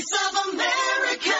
Voice of America.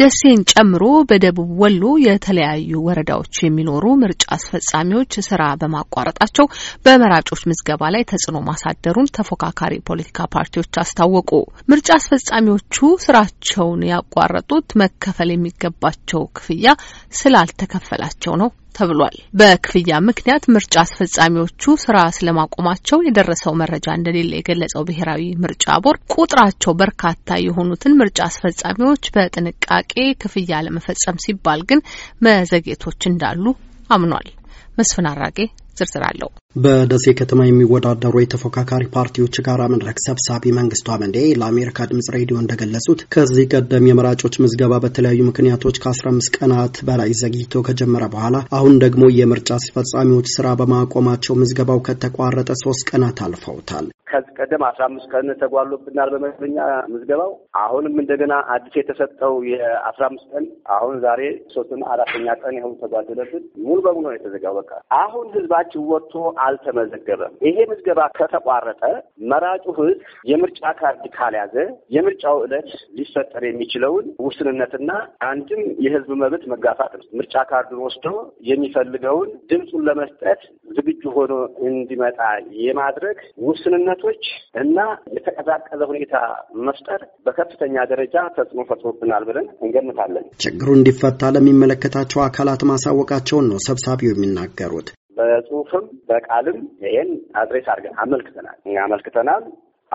ደሴን ጨምሮ በደቡብ ወሎ የተለያዩ ወረዳዎች የሚኖሩ ምርጫ አስፈጻሚዎች ስራ በማቋረጣቸው በመራጮች ምዝገባ ላይ ተጽዕኖ ማሳደሩን ተፎካካሪ ፖለቲካ ፓርቲዎች አስታወቁ። ምርጫ አስፈጻሚዎቹ ስራቸውን ያቋረጡት መከፈል የሚገባቸው ክፍያ ስላልተከፈላቸው ነው ተብሏል። በክፍያ ምክንያት ምርጫ አስፈጻሚዎቹ ስራ ስለማቆማቸው የደረሰው መረጃ እንደሌለ የገለጸው ብሔራዊ ምርጫ ቦርድ ቁጥራቸው በርካታ የሆኑትን ምርጫ አስፈጻሚዎች በጥንቃቄ ክፍያ ለመፈጸም ሲባል ግን መዘግየቶች እንዳሉ አምኗል። መስፍን አራጌ ዝርዝር አለው። በደሴ ከተማ የሚወዳደሩ የተፎካካሪ ፓርቲዎች ጋራ መድረክ ሰብሳቢ መንግስቱ አመንዴ ለአሜሪካ ድምጽ ሬዲዮ እንደገለጹት ከዚህ ቀደም የመራጮች ምዝገባ በተለያዩ ምክንያቶች ከ15 ቀናት በላይ ዘግይቶ ከጀመረ በኋላ አሁን ደግሞ የምርጫ አስፈጻሚዎች ስራ በማቆማቸው ምዝገባው ከተቋረጠ ሶስት ቀናት አልፈውታል። ከዚህ ቀደም አስራ አምስት ቀን ተጓሎብናል በመደበኛ ምዝገባው። አሁንም እንደገና አዲስ የተሰጠው የአስራ አምስት ቀን አሁን ዛሬ ሶስትና አራተኛ ቀን ይኸው ተጓደለብን። ሙሉ በሙሉ ነው የተዘጋ ነው። በቃ አሁን ህዝባችን ወጥቶ አልተመዘገበም። ይሄ ምዝገባ ከተቋረጠ መራጩ ህዝብ የምርጫ ካርድ ካልያዘ የምርጫው ዕለት ሊፈጠር የሚችለውን ውስንነትና አንድም የህዝብ መብት መጋፋት ነው። ምርጫ ካርዱን ወስዶ የሚፈልገውን ድምፁን ለመስጠት ዝግጁ ሆኖ እንዲመጣ የማድረግ ውስንነቶች እና የተቀዛቀዘ ሁኔታ መፍጠር በከፍተኛ ደረጃ ተጽዕኖ ፈጥሮብናል ብለን እንገምታለን። ችግሩ እንዲፈታ ለሚመለከታቸው አካላት ማሳወቃቸውን ነው ሰብሳቢው የሚናገ የተናገሩት። በጽሁፍም በቃልም ይህን አድሬስ አድርገን አመልክተናል አመልክተናል።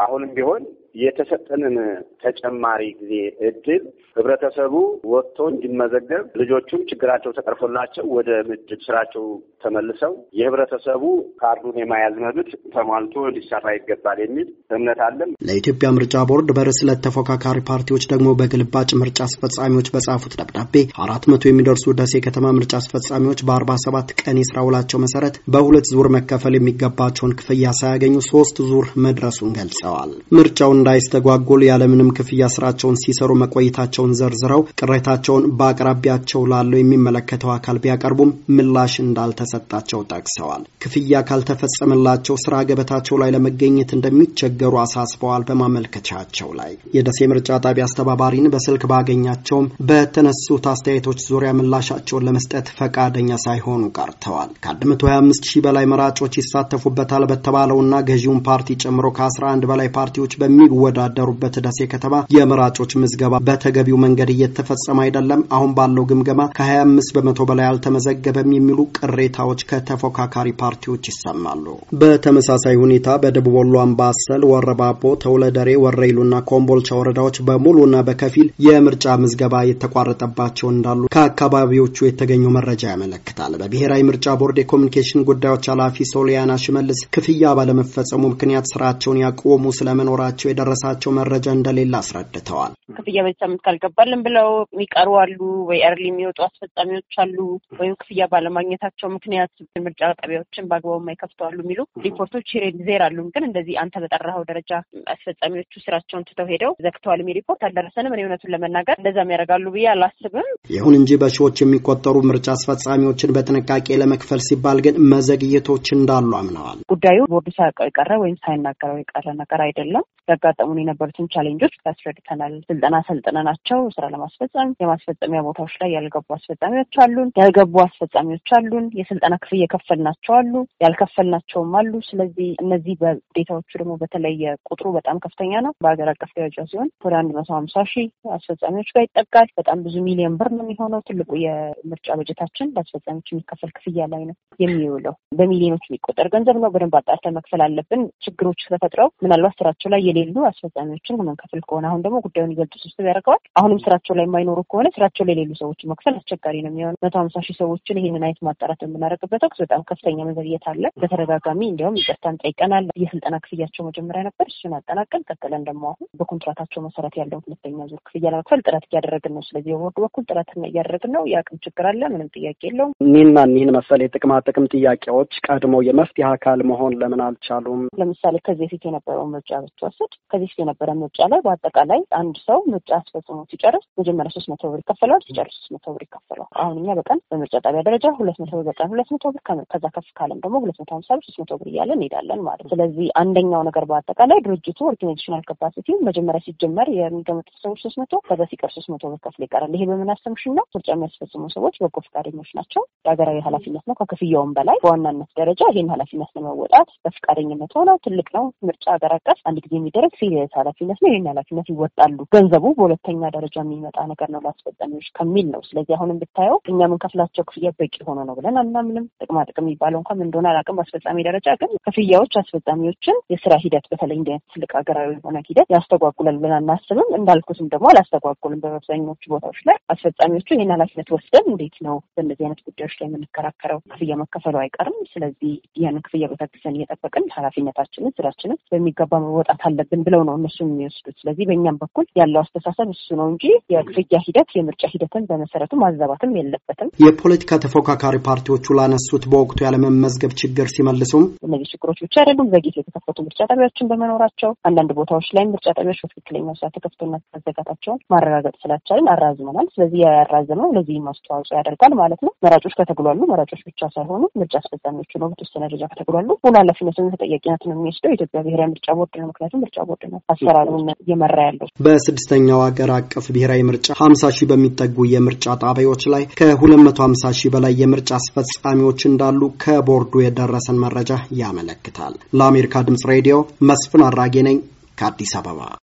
አሁንም ቢሆን የተሰጠንን ተጨማሪ ጊዜ እድል ህብረተሰቡ ወጥቶ እንዲመዘገብ ልጆቹም ችግራቸው ተቀርፎላቸው ወደ ምድብ ስራቸው ተመልሰው የህብረተሰቡ ካርዱን የማያዝ መብት ተሟልቶ ሊሰራ ይገባል የሚል እምነት አለን። ለኢትዮጵያ ምርጫ ቦርድ በርዕስለት ተፎካካሪ ፓርቲዎች ደግሞ በግልባጭ ምርጫ አስፈጻሚዎች በጻፉት ደብዳቤ አራት መቶ የሚደርሱ ደሴ ከተማ ምርጫ አስፈጻሚዎች በአርባ ሰባት ቀን የስራ ውላቸው መሰረት በሁለት ዙር መከፈል የሚገባቸውን ክፍያ ሳያገኙ ሶስት ዙር መድረሱን ገልጸዋል። ምርጫውን እንዳይስተጓጎል ያለምንም ክፍያ ስራቸውን ሲሰሩ መቆየታቸውን ዘርዝረው ቅሬታቸውን በአቅራቢያቸው ላለው የሚመለከተው አካል ቢያቀርቡም ምላሽ እንዳልተሰጣቸው ጠቅሰዋል። ክፍያ ካልተፈጸመላቸው ስራ ገበታቸው ላይ ለመገኘት እንደሚቸገሩ አሳስበዋል። በማመልከቻቸው ላይ የደሴ ምርጫ ጣቢያ አስተባባሪን በስልክ ባገኛቸውም በተነሱት አስተያየቶች ዙሪያ ምላሻቸውን ለመስጠት ፈቃደኛ ሳይሆኑ ቀርተዋል። ከ125 ሺህ በላይ መራጮች ይሳተፉበታል በተባለውና ገዢውን ፓርቲ ጨምሮ ከ11 በላይ ፓርቲዎች በሚ በሚወዳደሩበት ደሴ ከተማ የመራጮች ምዝገባ በተገቢው መንገድ እየተፈጸመ አይደለም፣ አሁን ባለው ግምገማ ከ25 በመቶ በላይ አልተመዘገበም የሚሉ ቅሬታዎች ከተፎካካሪ ፓርቲዎች ይሰማሉ። በተመሳሳይ ሁኔታ በደቡብ ወሎ አምባሰል፣ ወረባቦ፣ ተውለደሬ፣ ወረይሉና ኮምቦልቻ ወረዳዎች በሙሉና በከፊል የምርጫ ምዝገባ የተቋረጠባቸው እንዳሉ ከአካባቢዎቹ የተገኘው መረጃ ያመለክታል። በብሔራዊ ምርጫ ቦርድ የኮሚኒኬሽን ጉዳዮች ኃላፊ ሶሊያና ሽመልስ ክፍያ ባለመፈጸሙ ምክንያት ስራቸውን ያቆሙ ስለመኖራቸው የደረሳቸው መረጃ እንደሌለ አስረድተዋል። ክፍያ በዚህ ሳምንት ካልገባልን ብለው የሚቀሩ አሉ፣ ወይ ኤርሊ የሚወጡ አስፈጻሚዎች አሉ፣ ወይም ክፍያ ባለማግኘታቸው ምክንያት ምርጫ ጣቢያዎችን በአግባቡ የማይከፍቱ የሚሉ ሪፖርቶች ዜር አሉ። ግን እንደዚህ አንተ በጠራኸው ደረጃ አስፈጻሚዎቹ ስራቸውን ትተው ሄደው ዘግተዋል የሚል ሪፖርት አልደረሰንም። እኔ እውነቱን ለመናገር እንደዛም ያደርጋሉ ብዬ አላስብም። ይሁን እንጂ በሺዎች የሚቆጠሩ ምርጫ አስፈጻሚዎችን በጥንቃቄ ለመክፈል ሲባል ግን መዘግየቶች እንዳሉ አምነዋል። ጉዳዩ ቦርዱ ሳያውቀው የቀረ ወይም ሳይናገረው የቀረ ነገር አይደለም። ያጋጠሙን የነበሩትን ቻሌንጆች ያስረድተናል። ስልጠና ሰልጥነናቸው ስራ ለማስፈጸም የማስፈጸሚያ ቦታዎች ላይ ያልገቡ አስፈጻሚዎች አሉን፣ ያልገቡ አስፈጻሚዎች አሉን፣ የስልጠና ክፍያ የከፈልናቸው አሉ፣ ያልከፈልናቸውም አሉ። ስለዚህ እነዚህ በዴታዎቹ ደግሞ በተለየ ቁጥሩ በጣም ከፍተኛ ነው። በሀገር አቀፍ ደረጃ ሲሆን ወደ አንድ መቶ ሀምሳ ሺህ አስፈጻሚዎች ጋር ይጠጋል። በጣም ብዙ ሚሊዮን ብር ነው የሚሆነው። ትልቁ የምርጫ በጀታችን ለአስፈጻሚዎች የሚከፈል ክፍያ ላይ ነው የሚውለው። በሚሊዮኖች የሚቆጠር ገንዘብ ነው። በደንብ አጣርተን መክፈል አለብን። ችግሮች ተፈጥረው ምናልባት ስራቸው ላይ የሌሉ ሲሉ አስፈጻሚዎችን መከፈል ከሆነ አሁን ደግሞ ጉዳዩን ይበልጥ ስብስብ ያደርገዋል። አሁንም ስራቸው ላይ የማይኖሩ ከሆነ ስራቸው ላይ ሌሉ ሰዎችን መክፈል አስቸጋሪ ነው የሚሆነው። መቶ ሀምሳ ሺህ ሰዎችን ይህንን አይነት ማጣራት የምናደርግበት ወቅት በጣም ከፍተኛ መዘግየት አለ። በተደጋጋሚ እንዲያውም ይቅርታን ጠይቀናል። የስልጠና ክፍያቸው መጀመሪያ ነበር። እሱን አጠናቀን ቀጥለን ደግሞ አሁን በኮንትራታቸው መሰረት ያለውን ሁለተኛ ዙር ክፍያ ለመክፈል ጥረት እያደረግን ነው። ስለዚህ በቦርዱ በኩል ጥረት እያደረግን ነው። የአቅም ችግር አለ። ምንም ጥያቄ የለውም። እኒህና እኒህን መሰል የጥቅማ ጥቅም ጥያቄዎች ቀድሞ የመፍትሄ አካል መሆን ለምን አልቻሉም? ለምሳሌ ከዚህ በፊት የነበረውን ምርጫ ብትወስድ ከዚህ ፊት የነበረ ምርጫ ላይ በአጠቃላይ አንድ ሰው ምርጫ አስፈጽሞ ሲጨርስ መጀመሪያ ሶስት መቶ ብር ይከፈለዋል። ሲጨርስ ሶስት መቶ ብር ይከፈለዋል። አሁን እኛ በቀን በምርጫ ጣቢያ ደረጃ ሁለት መቶ ብር በቀን ሁለት መቶ ብር ከዛ ከፍ ካለም ደግሞ ሁለት መቶ ሀምሳ ብር ሶስት መቶ ብር እያለ እንሄዳለን ማለት ነው። ስለዚህ አንደኛው ነገር በአጠቃላይ ድርጅቱ ኦርጋናይዜሽናል ካፓሲቲ መጀመሪያ ሲጀመር የሚገመጡት ሰዎች ሶስት መቶ ከዛ ሲቀር ሶስት መቶ ብር ከፍል ይቀራል። ይሄ በምናስተምሽ እና ምርጫ የሚያስፈጽሙ ሰዎች በጎ ፈቃደኞች ናቸው። የሀገራዊ ኃላፊነት ነው። ከክፍያውም በላይ በዋናነት ደረጃ ይህን ኃላፊነት ለመወጣት በፈቃደኝነት ሆነው ትልቅ ነው ምርጫ ሀገር አቀፍ አንድ ጊዜ የሚደረግ ሲሪየስ ኃላፊነት ነው። ይህን ኃላፊነት ይወጣሉ። ገንዘቡ በሁለተኛ ደረጃ የሚመጣ ነገር ነው ለአስፈጻሚዎች ከሚል ነው። ስለዚህ አሁን ብታየው እኛ የምንከፍላቸው ክፍያ በቂ ሆኖ ነው ብለን አናምንም። ጥቅማ ጥቅም የሚባለው እንኳን እንደሆነ አላውቅም። በአስፈጻሚ ደረጃ ግን ክፍያዎች አስፈጻሚዎችን የስራ ሂደት በተለይ እንዲህ አይነት ትልቅ ሀገራዊ የሆነ ሂደት ያስተጓጉላል ብለን አናስብም። እንዳልኩትም ደግሞ አላስተጓጉልም። በአብዛኞቹ ቦታዎች ላይ አስፈጻሚዎቹ ይህን ኃላፊነት ወስደን እንዴት ነው በእነዚህ አይነት ጉዳዮች ላይ የምንከራከረው? ክፍያ መከፈሉ አይቀርም። ስለዚህ ያንን ክፍያ በተግሰን እየጠበቅን ኃላፊነታችንን ስራችንን በሚገባ መወጣት አለብን ብለው ነው እነሱ የሚወስዱት። ስለዚህ በእኛም በኩል ያለው አስተሳሰብ እሱ ነው እንጂ የክፍያ ሂደት የምርጫ ሂደትን በመሰረቱ ማዘባትም የለበትም። የፖለቲካ ተፎካካሪ ፓርቲዎቹ ላነሱት በወቅቱ ያለመመዝገብ ችግር ሲመልሱም እነዚህ ችግሮች ብቻ አይደሉም። ዘግይተው የተከፈቱ ምርጫ ጣቢያዎችን በመኖራቸው አንዳንድ ቦታዎች ላይ ምርጫ ጣቢያዎች በትክክለኛው ሰዓት ተከፍቶና መዘጋታቸውን ማረጋገጥ ስላቻልን አራዝመናል። ስለዚህ ያራዘመው ለዚህ አስተዋጽኦ ያደርጋል ማለት ነው። መራጮች ከተግሏሉ፣ መራጮች ብቻ ሳይሆኑ ምርጫ አስፈጻሚዎቹ ነው በተወሰነ ደረጃ ከተግሏሉ። ሙሉ ኃላፊነትን ነው የሚወስደው የኢትዮጵያ ብሔራዊ ምርጫ ቦርድ ነው። ምክንያቱም ምርጫ ቦርድ ቦርድ ነው አሰራሩን እየመራ ያለው። በስድስተኛው ሀገር አቀፍ ብሔራዊ ምርጫ ሀምሳ ሺህ በሚጠጉ የምርጫ ጣቢያዎች ላይ ከሁለት መቶ ሀምሳ ሺህ በላይ የምርጫ አስፈጻሚዎች እንዳሉ ከቦርዱ የደረሰን መረጃ ያመለክታል። ለአሜሪካ ድምጽ ሬዲዮ መስፍን አራጌ ነኝ ከአዲስ አበባ